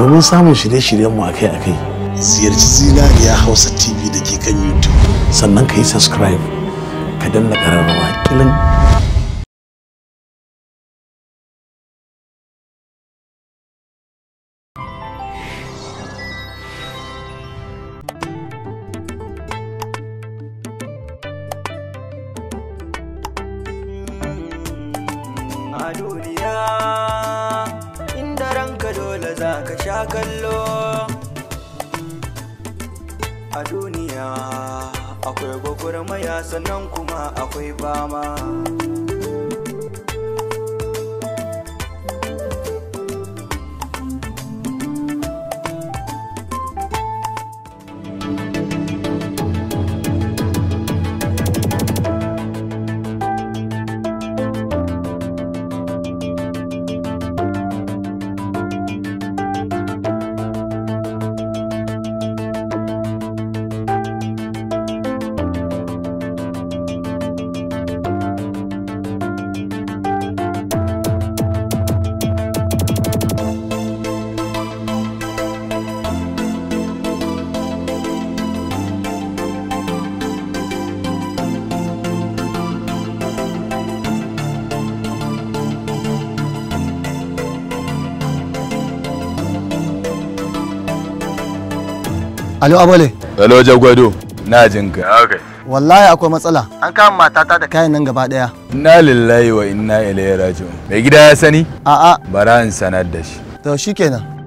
domin samun shirye-shiryenmu akai-akai. Ziyarci Zinariya Hausa TV da ke kan YouTube. Sannan ka yi subscribe, ka danna ƙararrawa kilin. Alo Abole. Alo Jagwado. Na jin ka. Okay. Wallahi akwai matsala. An kama matata da kayan nan gaba daya. Inna lillahi wa inna ilaihi raji'un. Mai gida ya sani? A'a. Bara in sanar da shi. To shikenan.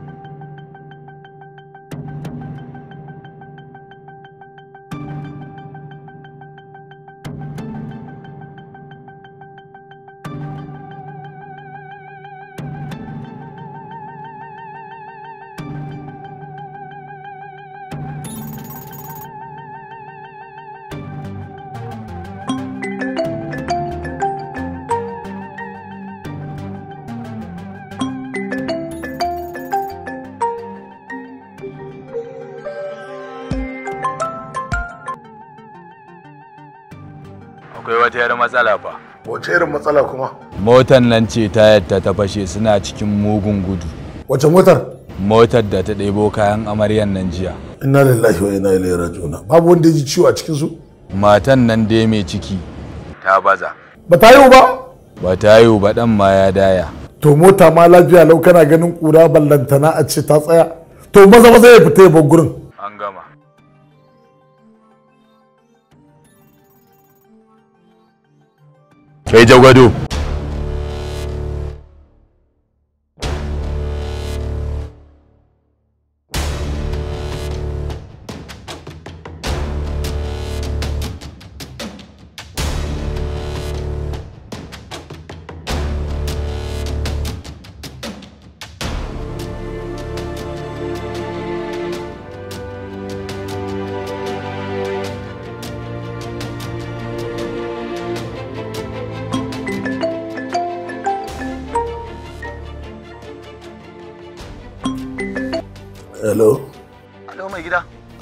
matsala kuma? Motar nan ce tayar ta fashe suna cikin mugun gudu. Wace motar? Motar da ta ɗebo kayan amaryan nan jiya. Inna lillahi wa inna ilaihi raji'un. Babu wanda ya ji ciwo a cikin su? Matan nan dai mai ciki ta baza. Ba ta yiwu ba? Ba ta yiwu ba dan ma ya daya. To mota ma lafiya lau kana ganin kura ballantana a ce ta tsaya. To maza maza ya fita ya bar gurin. Meja ugaduh.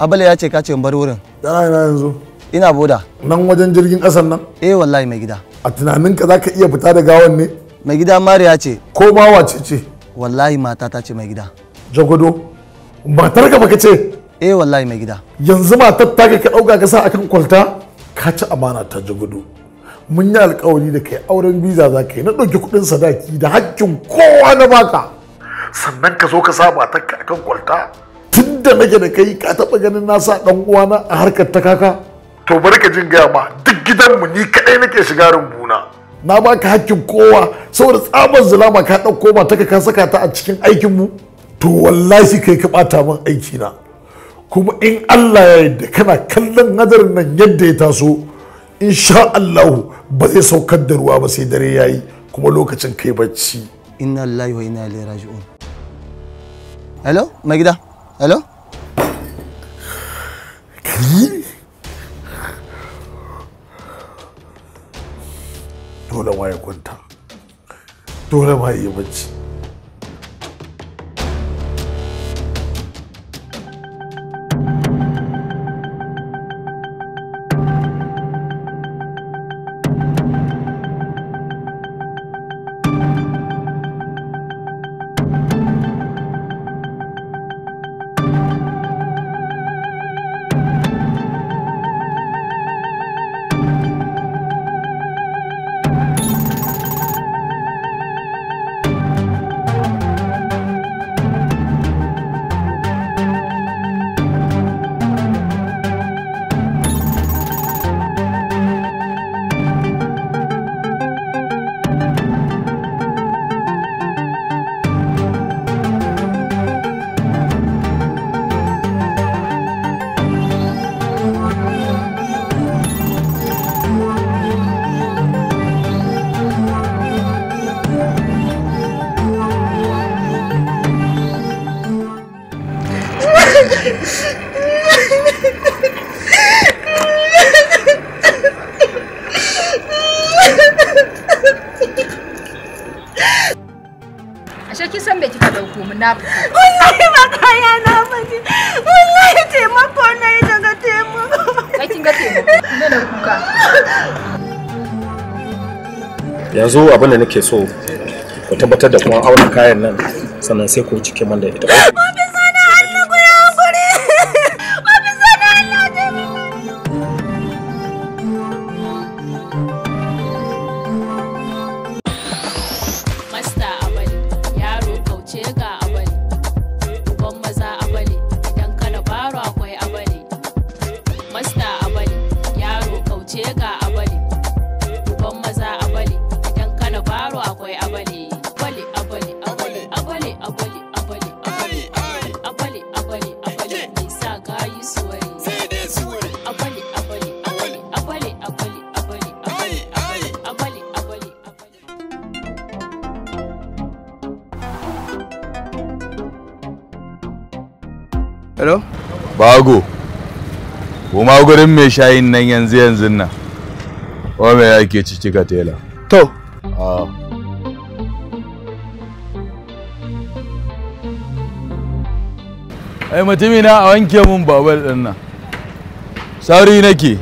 abale ya ce ka ce bar wurin yana ina yanzu ina boda nan wajen jirgin kasan nan eh wallahi mai gida a tunanin ka zaka iya fita da gawan ne mai gida mariya ce ko ma wace ce wallahi mata ta ce mai gida jagwado matar ka baka ce eh wallahi mai gida yanzu matar ta ka dauka ka sa akan kwalta ka ci amana ta jagwado mun yi alkawari da kai auren biza za ka yi na ɗauki kuɗin sadaki da hakkin kowa na baka sannan ka zo ka sa matar ka akan kwalta da nake da kai ka taɓa ganin na sa ɗan uwana a harkar takaka kaka to bari ka jin gaya ma duk gidanmu ni kaɗai nake shiga rumbuna na baka hakkin kowa saboda tsabar zulama ka ɗauko ma ta ka saka ta a cikin aikinmu to wallahi kai ka ɓata min aiki na kuma in Allah ya yarda kana kallon hadarin nan yadda ya taso insha Allahu ba zai saukar da ruwa ba sai dare yayi kuma lokacin kai bacci inna lillahi wa inna ilaihi raji'un hello mai gida hello dole ma ya kwanta dole ma ya yi bacci wallahi ba kaya na ba ne wallahi taimako na yi daga taimako aikin da kuka yanzu abin da nake so ku tabbatar da kuma auna kayan nan sannan sai ku cike man da ita mai shayin nan yanzu yanzu nan wa mai yake ciki ka tela to a ah. ai mutumi na a wanke mun babal din nan sauri nake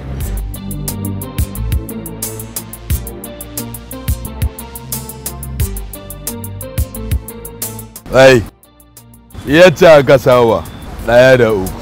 ai yadda ka sawa ɗaya da uku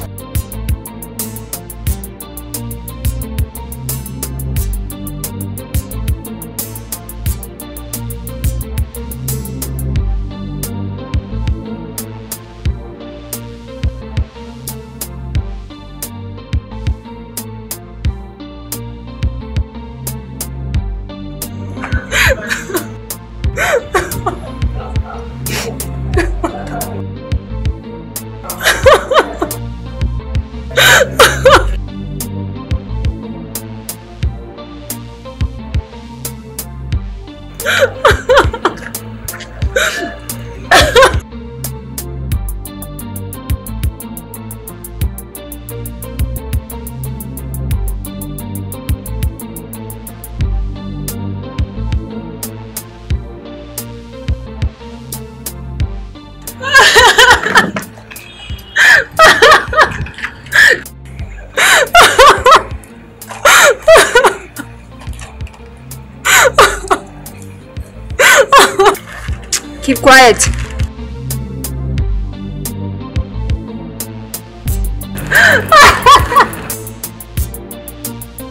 quiet.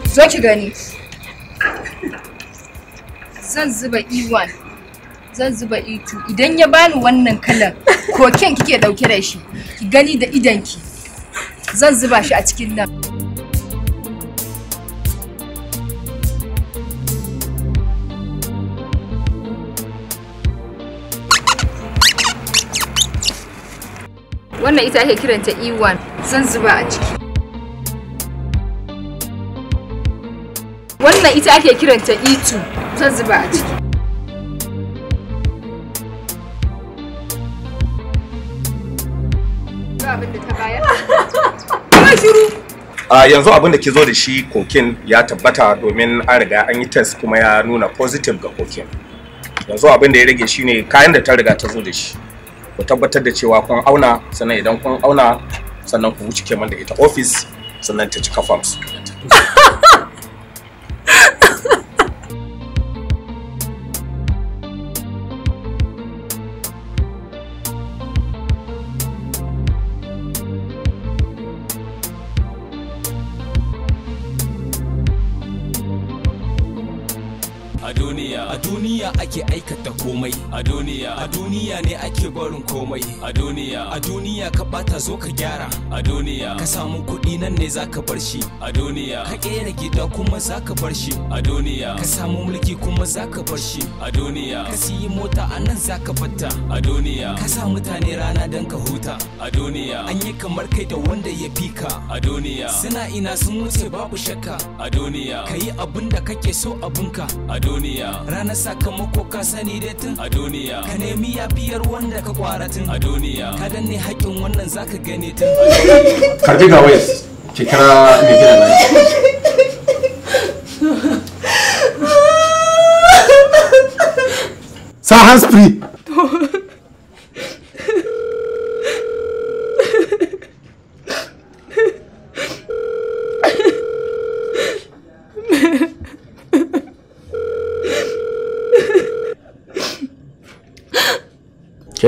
Zo ki gani. Zan zuba E1, zan zuba E2. Idan ya bani wannan kalan, koken kike dauke da shi, ki gani da idanki. Zan zuba shi a cikin nan. wannan ita ake kiranta e1 zan zuba a ciki wannan ita ake kiranta e2 zan zuba a ciki Uh, yanzu abin da ke zo da shi kokin ya tabbata domin an riga an yi test kuma ya nuna positive ga kokin yanzu abin da ya rage shine kayan da ta riga ta zo da shi ku tabbatar da cewa kun auna sannan idan kun auna sannan ku wuce keman da ita ofis, sannan ta cika forms a duniya a duniya ne ake barin komai a duniya a duniya ka bata zo ka gyara a duniya ka samu kuɗi nan ne zaka bar shi a duniya ka kera gida kuma zaka bar shi a duniya ka samu mulki kuma zaka bar shi a duniya ka siyi mota a nan zaka fatta. a duniya ka sa mutane rana dan ka huta a duniya an yi kamar kai da wanda ya fi ka a duniya suna ina sun wuce babu shakka a duniya ka yi abin da kake so abinka a duniya ranar sakamako ka sani dai tun a duniya ka nemi yafiyar wanda ka kwaratin a duniya ka danne haƙƙin wannan zaka gane tun karbi ga wayas ki kira mai gidan nan sa hands free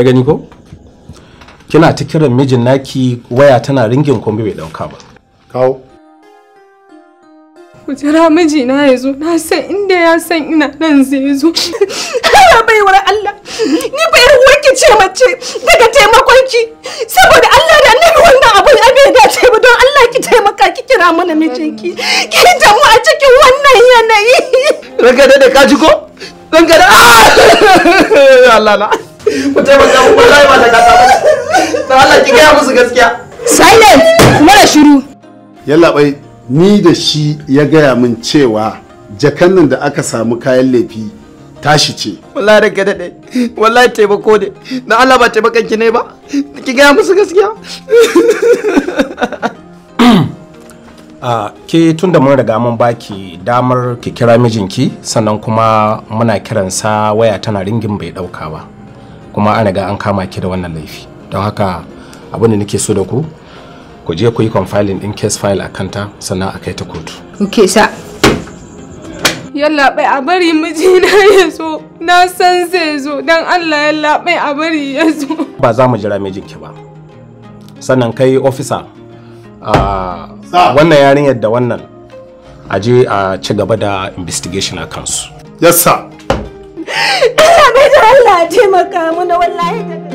ke gani ko kina ta kiran mijin naki waya tana ringin ko bai dauka ba kawo ku jira mijina ya zo na san inda ya san ina nan zai zo bai baiwar Allah ni ba yar uwarki ce mace daga taimakon ki saboda Allah da nan wannan abin abin da ce ba don Allah ki taimaka ki kira mana mijinki ki da mu a cikin wannan yanayi ranka da ka ji ko ranka da Allah Allah ku taimaka mu wallahi ba ta kasa ba dan Allah ki gaya musu gaskiya silent kuma da shiru yalla bai ni da shi ya gaya min cewa jakan nan da aka samu kayan lefi tashi ce wallahi ranka dade wallahi taimako ne dan Allah ba taimakon ki ne ba ki gaya musu gaskiya Uh, ke tun da mun riga mun baki damar ki kira mijinki sannan kuma muna kiransa waya tana ringin bai dauka ba kuma an ga an kama ki da wannan laifi don haka abin da nake so da ku ku je ku yi confiling din case file a kanta sannan a kai ta kotu okay sa yalla bai a bari na ya zo na san zai zo dan Allah yalla bai a bari ya zo ba za mu jira ki ba sannan kai officer wannan yarinyar da wannan a je a ci gaba da investigation a kansu yes sir taimaka mana wallahi da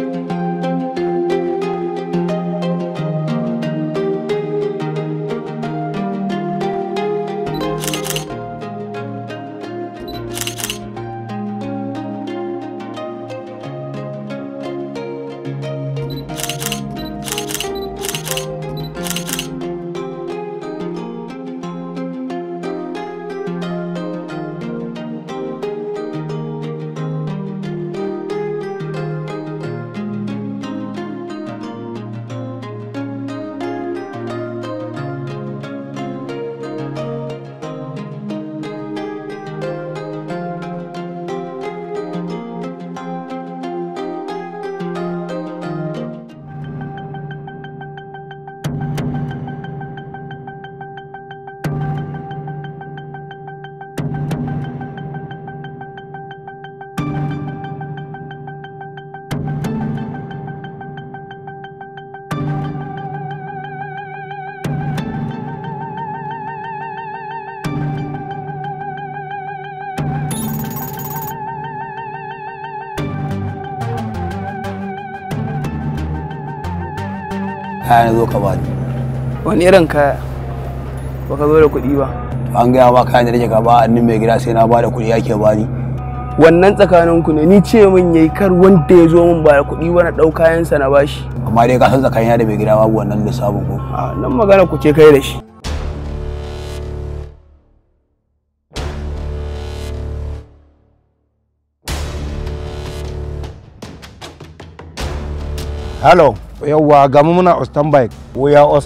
kaya na zo ka bani wani irin kaya ba ka zo da kuɗi ba an gaya ba kayan da nake ka ba annin mai gida sai na ba da kuɗi yake bani wannan tsakanin ku ne ni ce min yayi kar wanda ya zo min ba da kuɗi wani ɗau kayansa na bashi amma dai ka san tsakanin da mai gida babu wannan lissafin ko a nan magana ku ce kai da shi Hello. yauwa gamu muna ostan bike we are on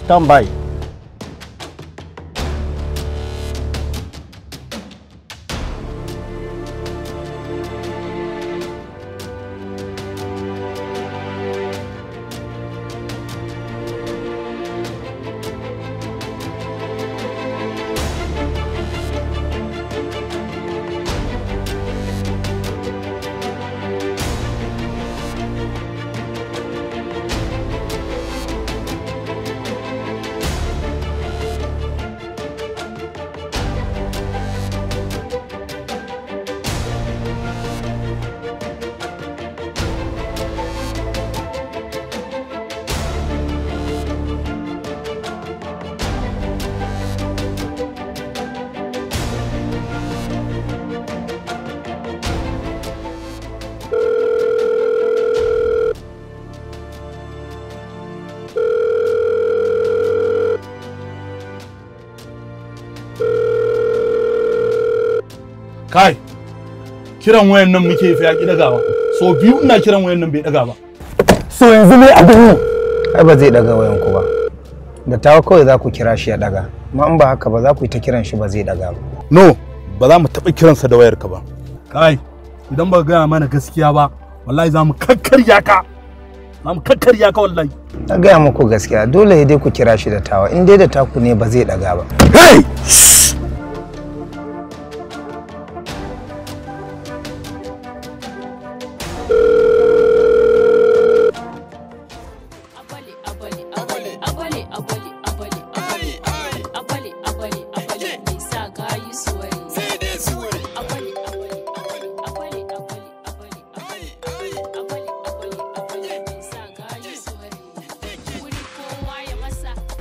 kai kiran wayan nan muke fi daga dagawa so biyu ina kiran wayan nan bai daga ba so yanzu ne a dubu ai ba zai daga wayan ku ba da tawa kawai za ku kira shi ya daga amma in ba haka ba za ku yi ta kiran shi ba zai daga ba no ba za mu taɓa kiransa da wayarka ba kai idan ba gaya mana gaskiya ba wallahi za mu kakkarya ka za mu kakkarya ka wallahi na gaya muku gaskiya dole dai ku kira shi da tawa in dai da taku ne ba zai daga ba hey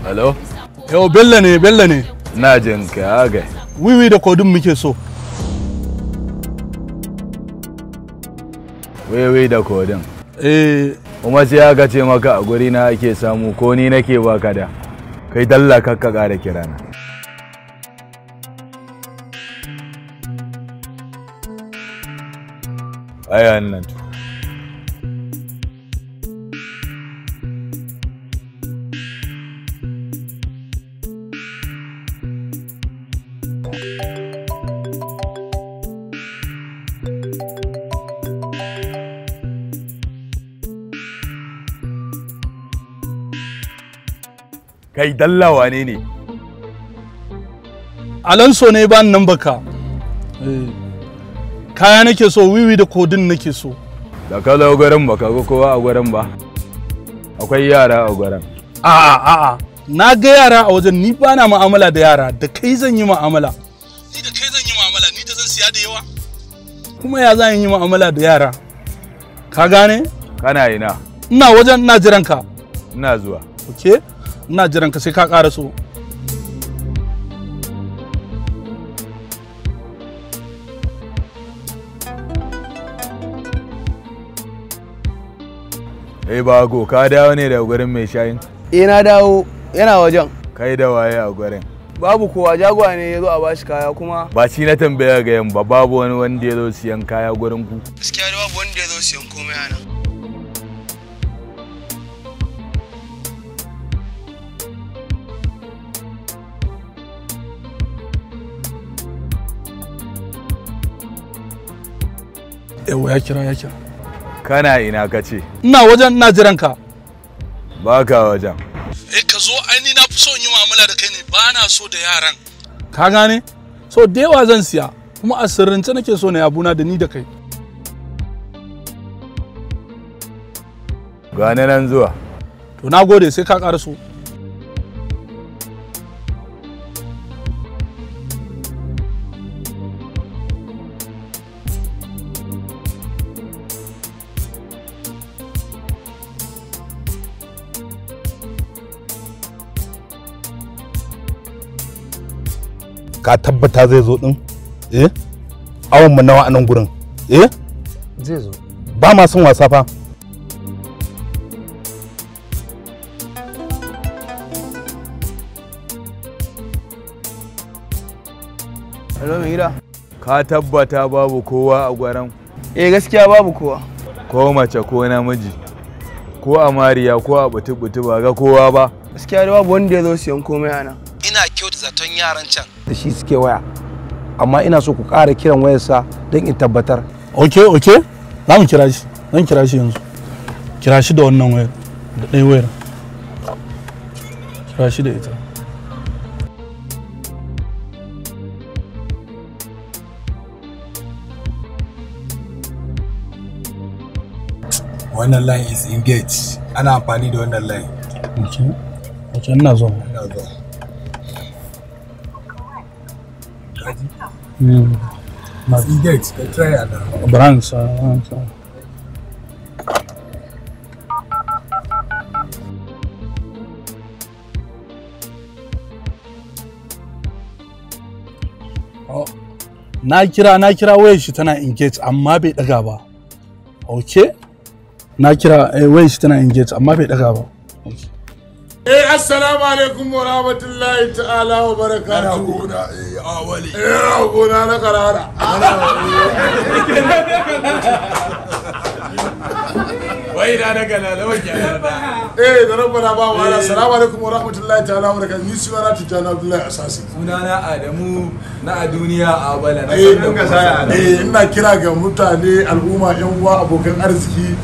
Hello? Yau Bello ne, Bello ne. Na jin ka ga. Wiwi da kodin muke so. Wiwi da kodin. Eh. Kuma sai aka ce maka a guri na ake samu ko ni nake baka da. Kai dalla kakka ƙara kirana. Ai wannan kai dalla wane ne alonso ne ba nan baka eh, kaya nake so wiwi da kodin nake so da kala zo gwaran ba ka ga kowa a gwaran ba akwai yara a gwaran a a. na ga yara a wajen ni ba na mu'amala da yara da kai zan yi mu'amala ni da kai zan yi mu'amala ni da zan siya da yawa kuma ya zan yi mu'amala da yara ka gane kana ina ina wajen ina jiran ka ina zuwa okay ina jiran ka sai ka ƙara so Eh bago ka dawo ne da gurin mai shayin? Eh na dawo yana wajen. Kai da waye a gurin? Babu kowa jagowa ne ya zo a bashi kaya kuma. Ba shi na tambaya ga yamma babu wani wanda ya zo siyan kaya gurin ku. Gaskiya babu wanda ya zo siyan komai a nan. yawa ya kira ya kira kana ina ka ce ina wajen ina jiran ka ba ka wajen eh ka zo aini na fi so in yi mu'amala da kai ne ba na so da yaran ka gane so da yawa zan siya kuma a sirrince nake so na yabuna da ni da kai gane nan zuwa to na gode sai ka ƙaraso ka tabbata zai zo din eh awon mu nawa anan gurin eh zai zo ba ma son wasa fa Hello mai gida ka tabbata babu kowa a gwaran eh gaskiya babu kowa ko mace ko namiji ko a mariya ko a butu-butu ba ga kowa ba gaskiya babu wanda ya zo siyan komai a nan ina kyauta zaton yaran can da shi suke waya amma ina so ku ƙara kiran wayarsa don in tabbatar ok ok za mu kira shi zan kira shi yanzu kira shi da wannan wayar da ɗaya wayar kira shi da ita wannan line is engaged ana amfani da wannan line ok ok ina zo ina zo It's hmm. in e date, they try and... na kira na kira wayar shi tana engage amma bai daga ba okay na kira eh, wayar shi tana engage amma bai daga ba okay. eh assalamu alaikum wa rahmatullahi ta'ala wa barakatuh. gona eh wali. eh gona na karara wai da na gana da wajen eh da rabba na ba wa ala assalamu alaikum wa rahmatullahi ta'ala wa barakatuh ni su ana tijjana abdullahi asasi na adamu na a duniya a bala na eh, san da eh ina kira ga mutane al'umma yan uwa abokan arziki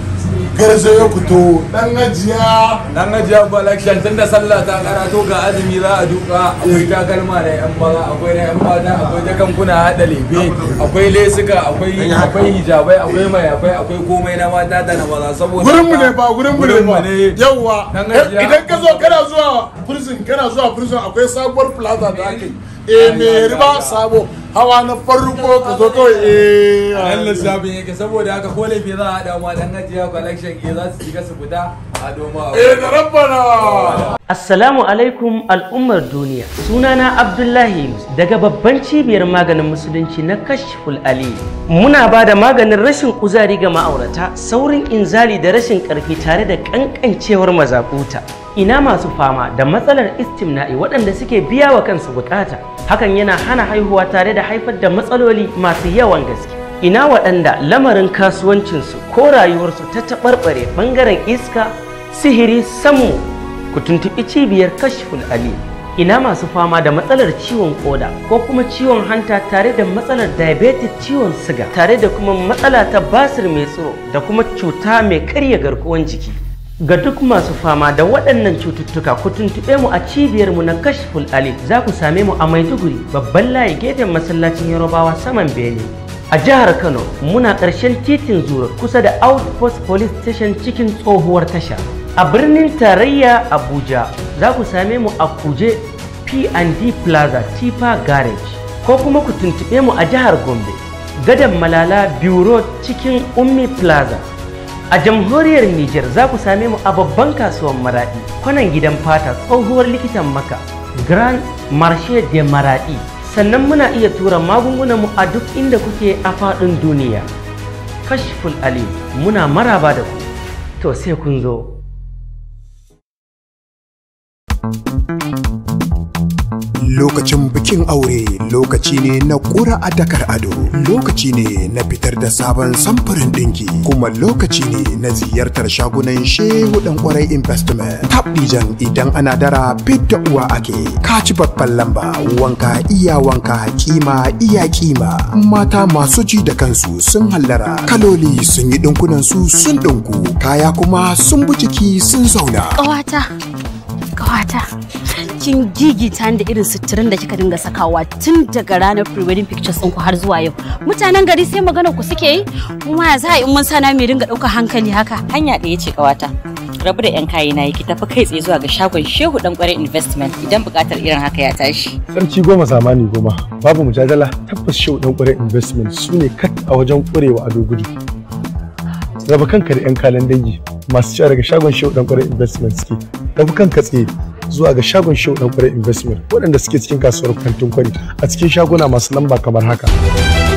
garzayo ya to dan gajiya dan gajiya tun da sallah ta karato ga azumi za a duka akwai takalma da yan maza akwai da yan mata akwai kuna hada lebe akwai lesuka akwai akwai hijabai akwai mai akwai akwai komai na mata da na maza saboda gurin mu ne ba gurin mu ne ba yawa eh, idan ka zo kana zuwa prison kana zuwa prison akwai sabuwar plaza da ake eh me riba sabo hawa na farko ka zo kawai eh a yan lissafin yake saboda haka ko laifi za a dawo dan ajiya collection ke za su shiga su fita a doma eh da rabbana assalamu alaikum al'ummar duniya sunana abdullahi daga babban cibiyar maganin musulunci na kashful ali muna ba da maganin rashin kuzari ga ma'aurata saurin inzali da rashin karfi tare da kankancewar mazakuta ina masu fama da matsalar istimna'i waɗanda suke biya wa kansu bukata hakan yana hana haihuwa tare da haifar da matsaloli masu yawan gaske ina waɗanda lamarin kasuwancinsu ko rayuwarsu ta taɓarɓare ɓangaren iska sihiri samu ku tuntuɓi cibiyar kashful ali ina masu fama da matsalar ciwon koda ko kuma ciwon hanta tare da matsalar diabetic ciwon siga tare da kuma matsala ta basir mai tsoro da kuma cuta mai karya garkuwan jiki Ga duk masu fama da waɗannan cututtuka ku tuntuɓe mu a cibiyar mu na Kashful Ali za ku same mu a Maiduguri babban layi gefen masallacin Yarobawa saman Bene. A jihar Kano muna ƙarshen titin zura kusa da Outpost Police Station cikin tsohuwar tasha. A birnin tarayya Abuja za ku same mu a Kuje P&D Plaza Tifa Garage ko kuma ku tuntuɓe mu a jihar Gombe. Gadon Malala Bureau cikin Ummi Plaza. A jamhuriyar Nijar za ku same mu a babban kasuwar Maraɗi, kwanan gidan fata tsohuwar likitan maka, Grand Marché de Maraɗi. Sannan muna iya tura magungunan mu a duk inda kuke a faɗin duniya. Kashful Ali muna maraba da ku, to sai kun zo. Lokacin bikin aure lokaci ne na ƙura a dakar ado, lokaci ne na fitar da sabon samfurin ɗinki, kuma lokaci ne na ziyartar shagunan shehu dan kwarai investment. jan idan ana dara fit da uwa ake, kaci babban lamba, wanka iya wanka, kima iya kima. Mata masu ji da kansu sun hallara, kaloli sun yi ɗinkunansu su sun ɗinku, kaya kuma sun bi sun zauna. Ƙawata, ƙawata. gigi ta da irin suturin da kika dinga sakawa tun daga ranar pre-wedding pictures ɗinku har zuwa yau. Mutanen gari sai magana ku suke yi, kuma za a in mun sana mai dinga ɗaukar hankali haka. Hanya ɗaya ce ƙawata. Rabu da 'yan kayi na yi ki tafi kai tsaye zuwa ga shagon Shehu ɗan ƙwarai investment idan buƙatar irin haka ya tashi. Sarki goma zamani goma babu mujadala tabbas Shehu ɗan ƙwarai investment su ne kat a wajen kurewa a dogudu Raba kanka da 'yan kalan dangi masu ci daga shagon Shehu ɗan ƙwarai investment suke. Rabu kanka tsaye zuwa ga shagon show na kwarar investment waɗanda suke cikin kasuwar kantin kwari a cikin shaguna masu lamba kamar haka.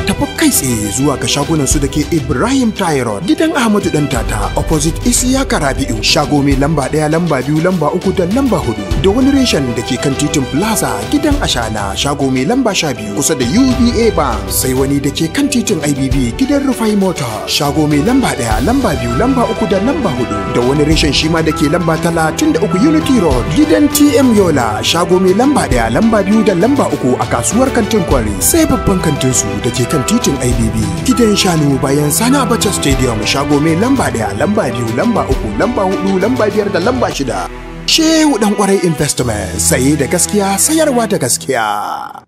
tafi kai tsaye zuwa ga shagunan su da ke Ibrahim Tyrod, gidan Ahmadu Dan Tata, opposite Isiyaka biyu. shago mai lamba ɗaya lamba biyu lamba uku da lamba hudu, da wani reshen da ke kan titin Plaza gidan Ashana, shago mai lamba sha biyu kusa da UBA Bank, sai wani da ke kan titin IBB gidan Rufai Motor, shago mai lamba ɗaya lamba biyu lamba uku da lamba hudu, da wani reshen shima da ke lamba talatin da uku Unity Road, gidan TM Yola shago mai lamba ɗaya lamba biyu da lamba uku a kasuwar kantin kwari sai babban kantin su da ke kan titin IBB. Gidan shanu bayan sana Abacha Stadium shago mai lamba ɗaya lamba biyu lamba uku lamba hudu lamba biyar da lamba shida. Shehu ɗan kwarai investment saye da gaskiya sayarwa da gaskiya.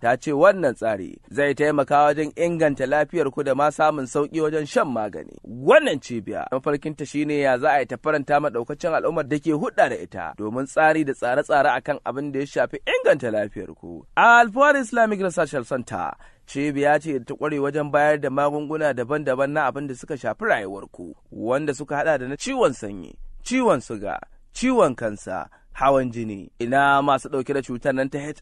ta ce wannan tsari zai taimaka wajen inganta lafiyar ku da ma samun sauki wajen shan magani wannan cibiya mafarkinta shine ya za a yi ta faranta ma daukacin al'ummar da ke hudda da ita domin tsari da tsare-tsare akan abin da ya shafi inganta lafiyar ku alfawar islamic research center cibiya ce ta kware wajen bayar da magunguna daban-daban na abin da suka shafi rayuwar ku wanda suka hada da na ciwon sanyi ciwon suga ciwon kansa hawan jini ina masu ɗauke da cutar nan ta hiv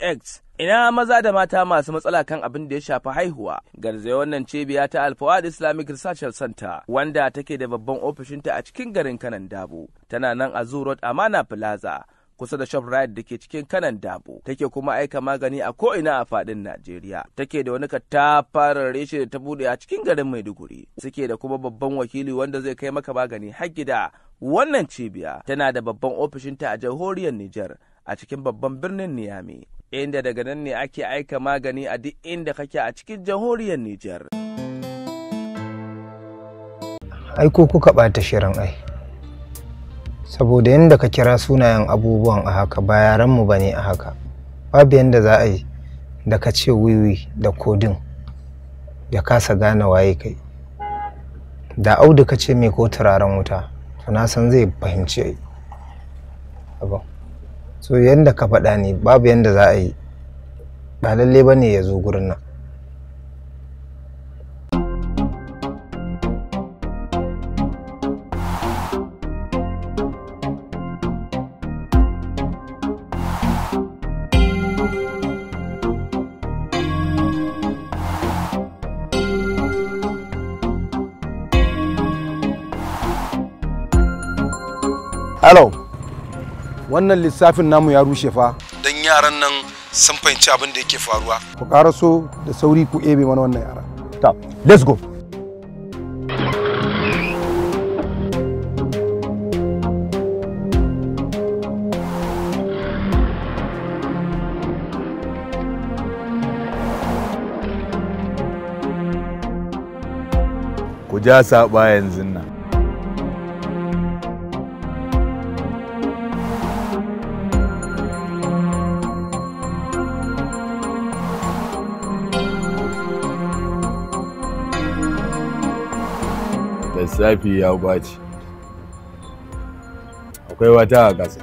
aids ina maza da mata masu matsala kan abin da ya shafi haihuwa garzaya wannan cibiya ta alfawad islamic research center wanda take da babban ofishinta a cikin garin kanan dabo tana nan a zoo amana plaza kusa da shoprite da ke cikin kanan dabo take kuma aika magani a ko ina a fadin najeriya take da wani katafarar reshe da ta bude a cikin garin maiduguri suke da kuma babban wakili wanda zai kai maka magani har gida wannan cibiya tana da babban ofishinta a jamhuriyar niger a cikin babban birnin niyami inda daga nan ne ake aika magani a duk inda kake a cikin jamhuriyar niger ai ko kuka ɓata shirin ai saboda yadda ka kira sunayen abubuwan a haka ba yaranmu ba ne a haka babu yadda za a yi da ka ce wiwi da kodin ya kasa gane waye kai da audu ka ce mai ko turaren wuta to na san zai fahimci abu so yadda ka faɗa ne babu yadda za a yi ba lalle ba ne ya zo gurin nan Hello. Wannan lissafin namu ya rushe fa. don yaran nan sun fahimci abin da yake faruwa. Ku karaso da sauri ku ebe mana wannan yara. Ta, let's go. Ku ja yanzu safi ya bace akwai wata a ƙasa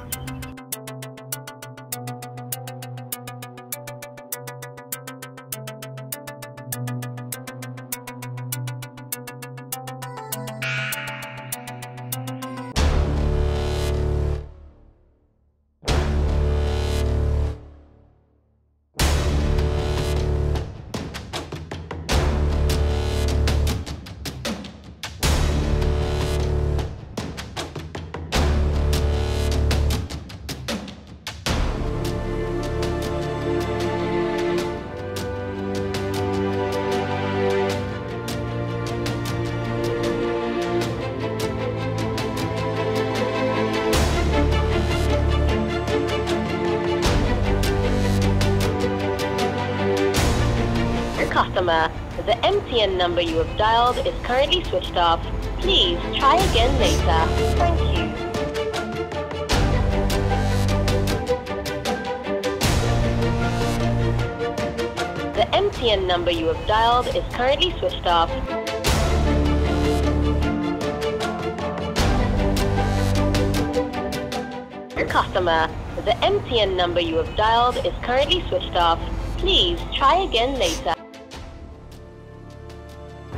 customer, the MTN number you have dialed is currently switched off. Please try again later. Thank you. The MTN number you have dialed is currently switched off. Customer, the MTN number you have dialed is currently switched off. Please try again later.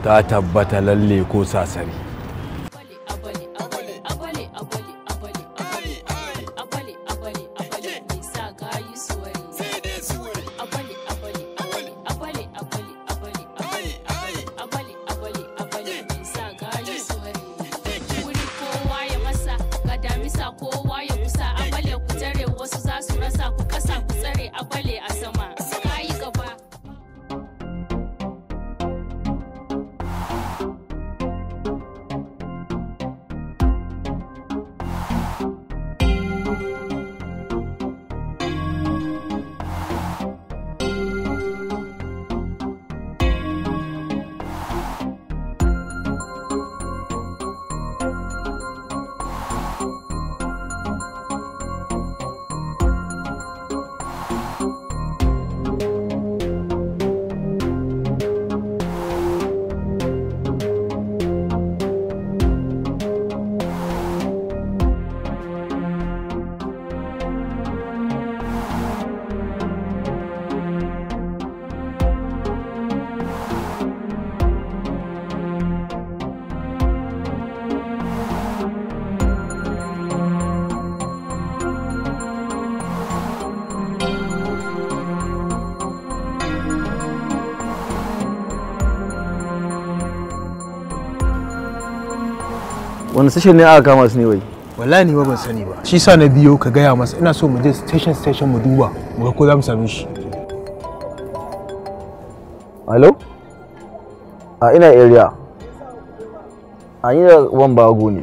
ta tabbata lalle ko sasari wani sashen ne aka kama su ne wai wallahi ni ba ban sani ba shi sa na biyo ka gaya masa ina so mu je station station mu duba mu ga ko za mu same shi hello a ina area a ni da wan bago ne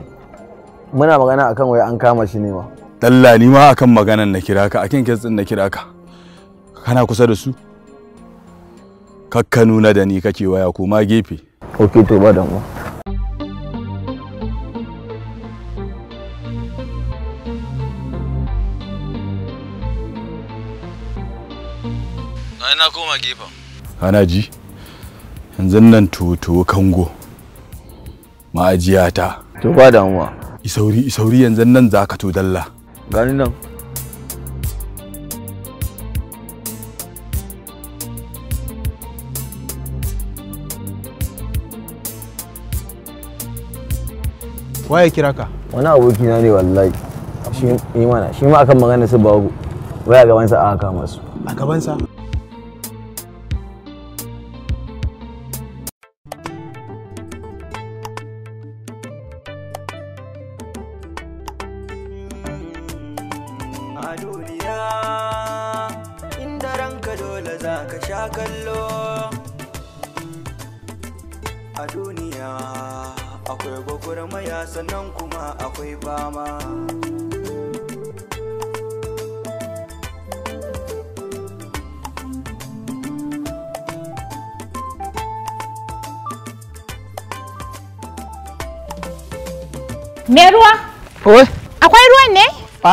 muna magana akan wai an kama shi ne ma dalla ni ma akan maganan na kira ka akan kes din na kira ka kana kusa da su kakka nuna da ni kake waya ko ma gefe ok to ba damuwa a gefen kana ji yanzu nan tuwo kango ma'ajiyata to ba damuwa isauri isauri yanzu nan za ka to dalla gani nan waye kira ka wani aboki na ne wallahi shi imana shi ma akan magana su bago waya gaban sa aka masu. a gaban sa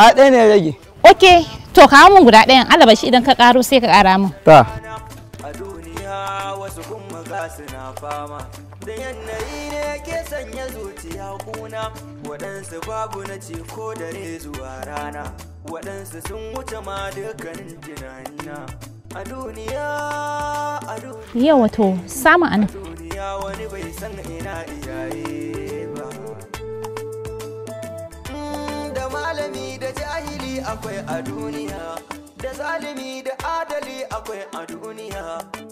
Kwaya ɗaya ne rage. Ok, to kawo mun guda ɗayan alaba shi idan ka ƙaro sai ka ƙara mun. Ta. A duniya wasu kuma ga suna fama. Da yanayi ne ke sanya zuciya kuna. Waɗansu babu na ce ko dare zuwa rana. Waɗansu sun wuce ma dukkan tunanina. A duniya, a duniya. Yau wato, samu anan. A duniya wani bai san ina iyaye. akwai a duniya da zalimi da adali akwai a duniya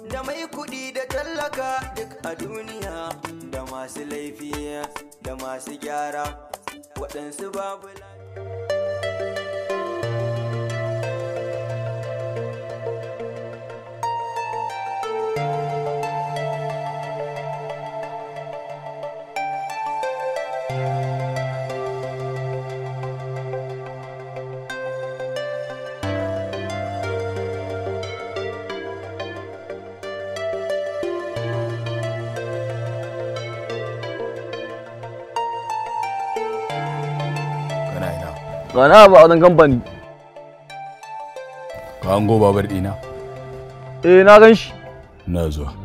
da mai kudi da tallaka duk a duniya da masu laifi da masu gyara waɗansu babu lafiya kana ba wajen kamfani ka hango babar dina eh na gan shi na zuwa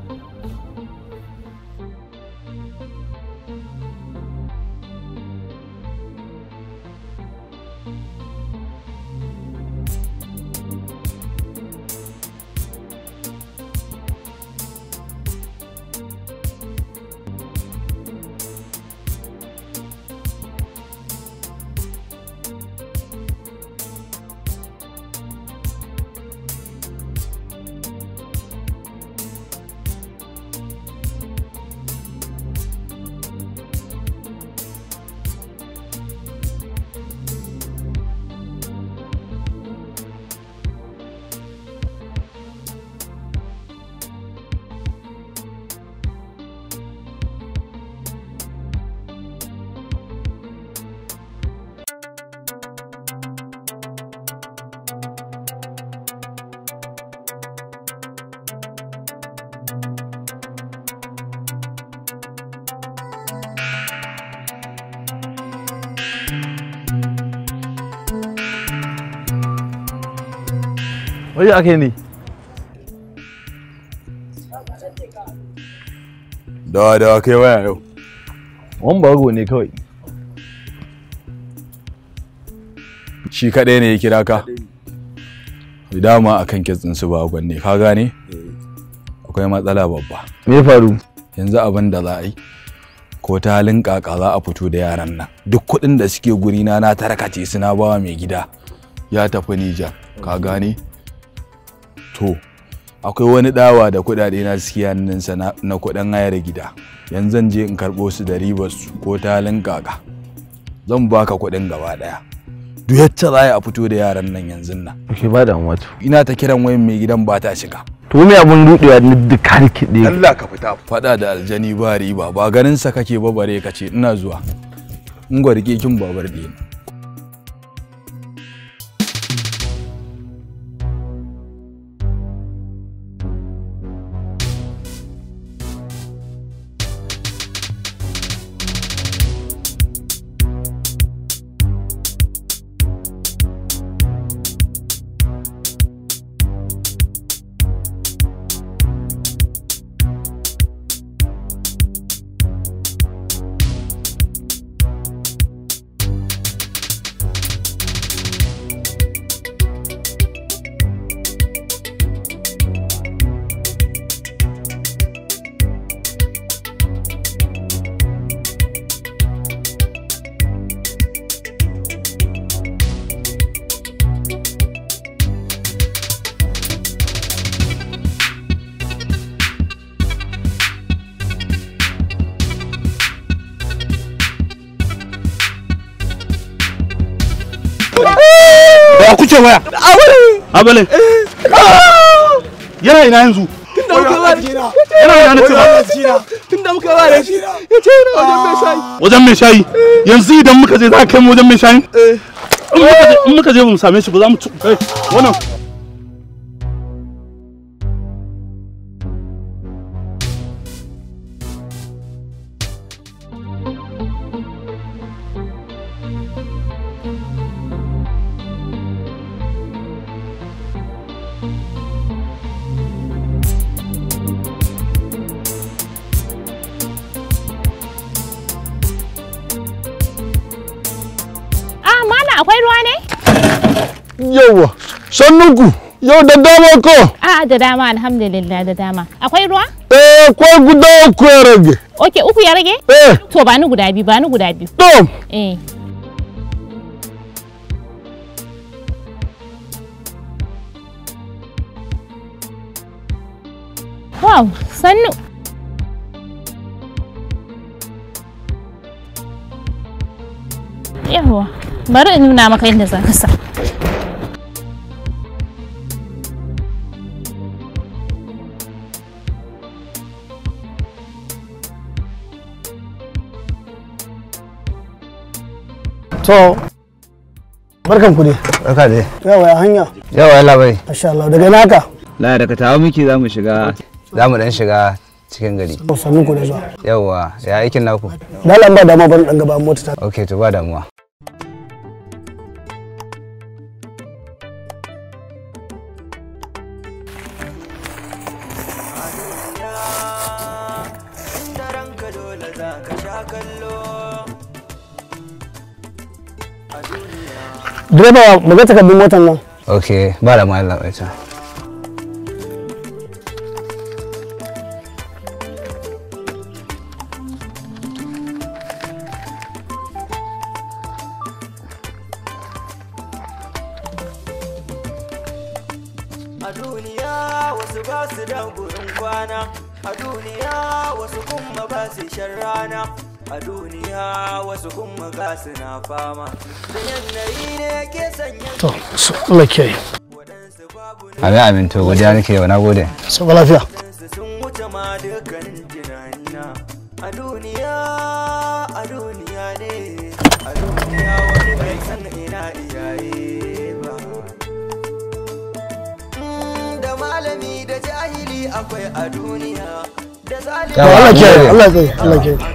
Wai aka yi ne? waya yau. Wani ne kawai. Shi ne ya kira ka? Dama akan kan kitsinsu ba ka gane? Eh. Akwai matsala babba. Me faru? Yanzu abin da za a yi. ko ta halin kaka za a fito da yaran nan duk kuɗin da suke gurina na tarkace su na bawa mai gida ya tafi Nija. ka gane to akwai wani dawa da kuɗaɗe na suke hannunsa na kuɗin hayar gida yanzu zan je in karbo su da ribar su ko talin kaka zan baka kuɗin gaba daya duk yacce za a fito da yaran nan yanzu nan ke ba da wato ina ta kiran wayan mai gidan ba ta shiga to me abun dudewa ni duka kide Allah ka fita fada da aljani ba riba ba ganin sa kake babare kace ina zuwa in gwarke kin babar ɗina abalin yana ina yanzu yana ba wajen mai shayi yanzu idan muka je za ka kai mu wajen mai shayi in muka je ba mu same shi ba za mu ci wannan yauwa sannunku yau da dama ko a da dama alhamdulillah da dama akwai ruwa eh akwai guda uku ya rage ok uku ya rage eh to ba ni guda biyu ba ni guda biyu to eh wow sannu yawa bari in nuna maka inda za ka sa to barkan ku dai barka dai yawa ya hanya yawa ya labai masha Allah daga naka la daga tawo miki za mu shiga za mu dan shiga cikin gari sannu ku da zuwa yawa ya aikin naku dalan ba ma ban dan gaba mota ta okay to ba damuwa direba mu ga takardun motar nan okay ba da mallam aisha Allah ke yi. Amin amin to godiya nake wa na gode. lafiya. A duniya a duniya ne a duniya wani bai san ina iyaye a duniya. Allah ke Allah ke Allah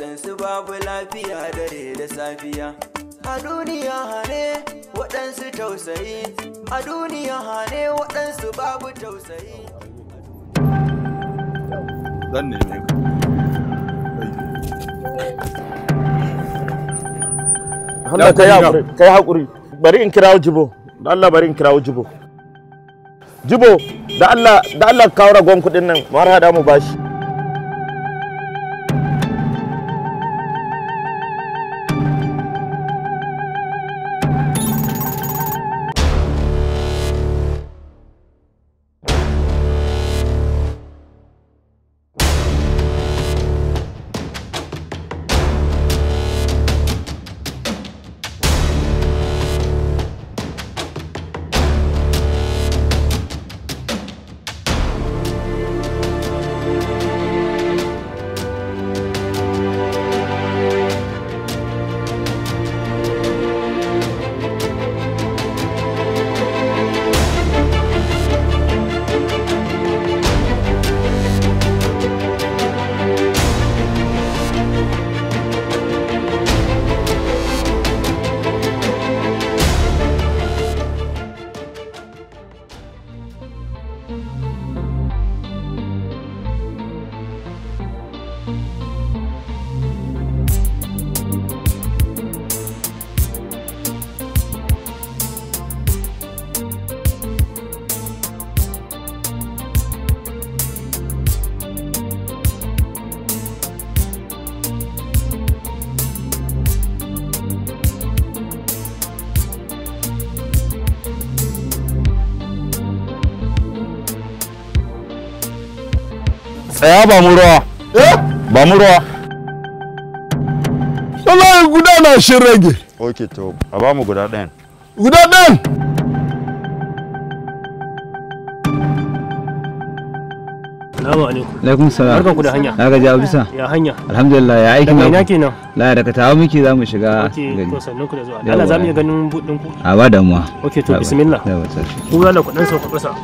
waɗansu babu lafiya dare da safiya a duniya hane waɗansu tausayi a duniya hane waɗansu babu tausayi zan neme ka Hanna kai haƙuri, haƙuri. Bari in kirawo jibo, da Allah bari in kirawo jibo. Jibo, da Allah, da Allah kawo ragon kuɗin nan, mara hada mu bashi. tsaya ba mu ruwa eh? ba mu ruwa wallahi guda na shin rage ok to a ba mu guda ɗayan guda ɗayan Salamu alaikum. Alaikum salam. Barkan ku da hanya. Na gaji Abisa. Ya hanya. Alhamdulillah ya aiki na. Ina kenan. La daga tawo muke za mu shiga. Okay, to sannan ku da zuwa. Allah za mu iya ganin budin ku. A ba damuwa. Okay, to bismillah. Yawa, ku Allah ku dan sauka kasa.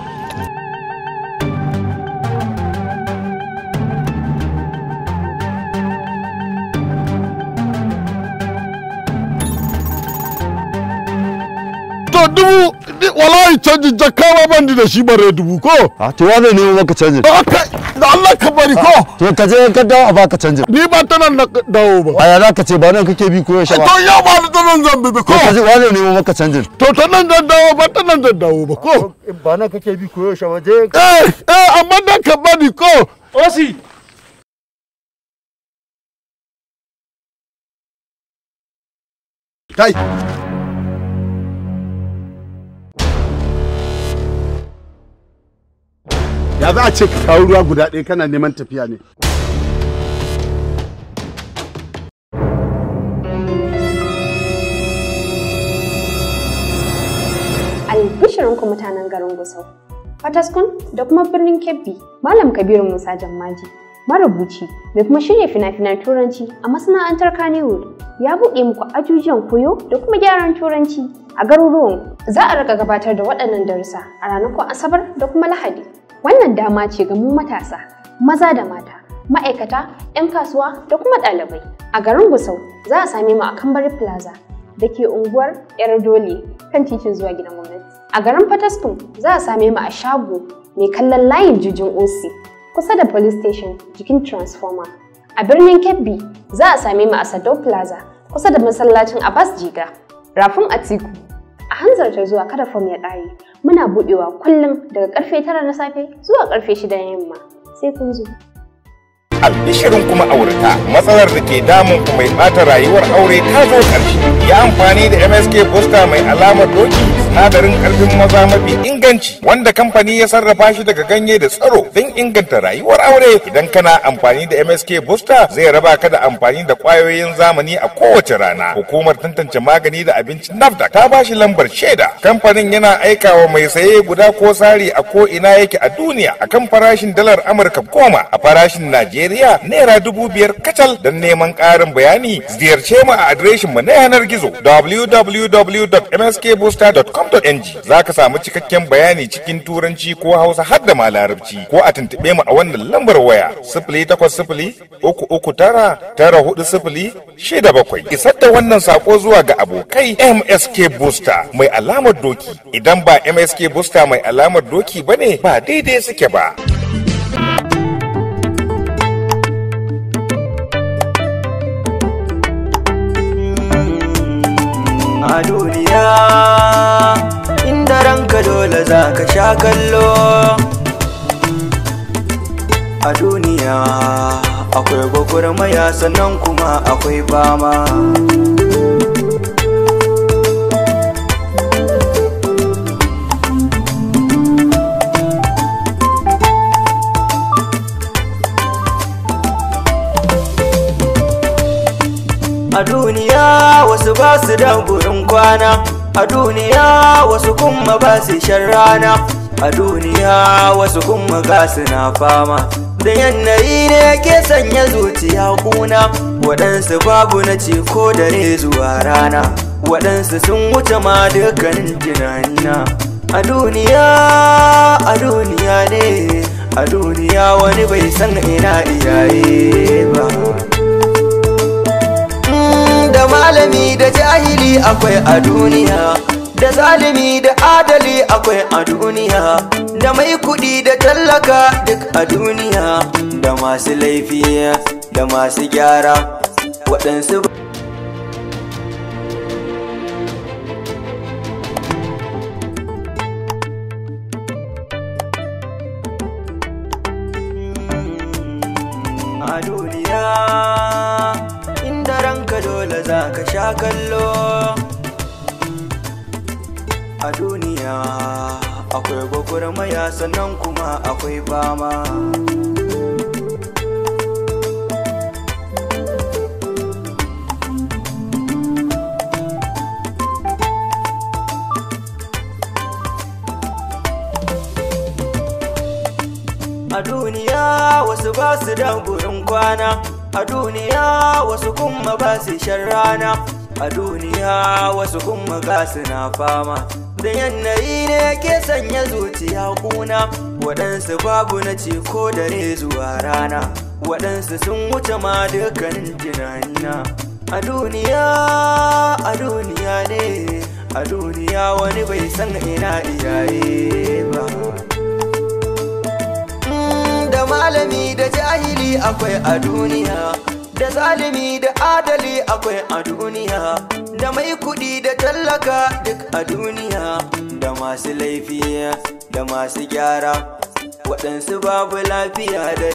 dubu wallahi canji jakka ma ban da shi bare dubu ko a to wa zai nemo maka canjin da Allah ka bari ko to ka je ka dawo a baka canjin ni ba ta nan na dawo ba aya za ka ce ba nan kake bi ko ya sha to ya ba ta nan zan bi ko ka je wa zai nemo maka canjin to ta nan zan dawo ba ta nan zan dawo ba ko ba nan kake bi ko ya sha ba je eh eh amma da ka bari ko osi Kai! ya za a ce ka kawo ruwa guda ɗaya kana neman tafiya ne albishirinku mutanen garin gusau fataskun da kuma birnin kebbi malam kabiru musa jammaji marubuci mai kuma shirya fina-finan turanci a masana'antar Kannywood ya buɗe muku ajujuwan koyo da kuma gyaran turanci a garuruwan za a rika gabatar da waɗannan darussa a ranakun asabar da kuma lahadi Wannan dama ce ga mu matasa, maza da mata, ma'aikata, 'yan kasuwa da kuma ɗalibai. A garin Gusau za a same mu a Kambari Plaza da ke unguwar Yar Dole kan titin zuwa gidan gwamnati. A garin Fataskun za a same mu a shago mai kallon layin jijin OC kusa da police station jikin transformer. A birnin Kebbi za a same mu a Sado Plaza kusa da masallacin Abbas Jiga. Rafin Atiku a hanzarta zuwa kada fom ya ƙare muna buɗewa kullum daga karfe tara na safe zuwa karfe shida na yamma sai kun zo albishirin kuma aurata matsalar da ke damun ku mai bata rayuwar aure ta zo ƙarshe ya amfani da msk busta mai alamar doki sinadarin karfin maza mafi inganci wanda kamfani ya sarrafa shi daga ganye da tsaro don inganta rayuwar aure idan kana amfani da MSK booster zai raba ka da amfani da kwayoyin zamani a kowace rana hukumar tantance magani da abinci nafda ta ba shi lambar shaida kamfanin yana aika wa mai saye guda ko sari a ko ina yake a duniya akan farashin dalar Amurka goma a farashin Najeriya naira dubu biyar kacal don neman ƙarin bayani ziyarce mu a adireshin mu na yanar gizo www.mskbooster.com NG za ka samu cikakken bayani cikin turanci ko hausa har da malarabci larabci ko a tuntuɓe mu a wannan lambar waya sifili takwas sifili uku uku tara tara hudu sifili shida bakwai isar da wannan sako zuwa ga abokai MSK Booster mai alamar doki idan ba MSK Booster mai alamar doki ba ne, ba daidai suke ba. a ka dole za ka sha kallo a duniya akwai gwagwarmaya sannan kuma akwai fama a duniya wasu ba su da burin kwana a duniya wasu kuma ba su shan rana a duniya wasu kuma ga na fama da yanayi ne ke sanya zuciya kuna waɗansu babu na ce ko dare zuwa rana waɗansu sun wuce ma dukkanin tunanina a duniya a duniya ne a duniya wani bai san ina iyaye ba malami da jahili akwai a duniya da zalimi da adali akwai a duniya da mai kudi da tallaka duk a duniya da masu laifi da masu gyara waɗansu ba. kallo a duniya akwai gwagwarmaya sannan kuma akwai fama a duniya wasu ba su da gurin kwana a duniya wasu kuma ba su shan rana a duniya wasu kuma ga suna fama da yanayi ne ke sanya zuciya kuna waɗansu babu na ce ko dare zuwa rana waɗansu sun wuce ma dukkanin tunanina a duniya a duniya ne a duniya wani bai san ina iyaye ba mm, da malami da jahili akwai a duniya da zalimi da adali akwai a duniya da mai kuɗi da tallaka duk a duniya da masu laifiya da masu gyara waɗansu babu lafiya da